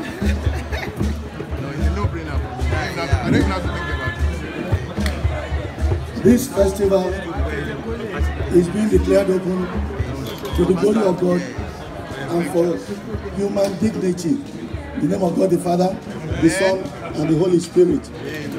no, it's a no-brainer. I, don't even have to think about it. This festival is being declared open to the glory of God and for human dignity. In the name of God the Father, the Son, and the Holy Spirit.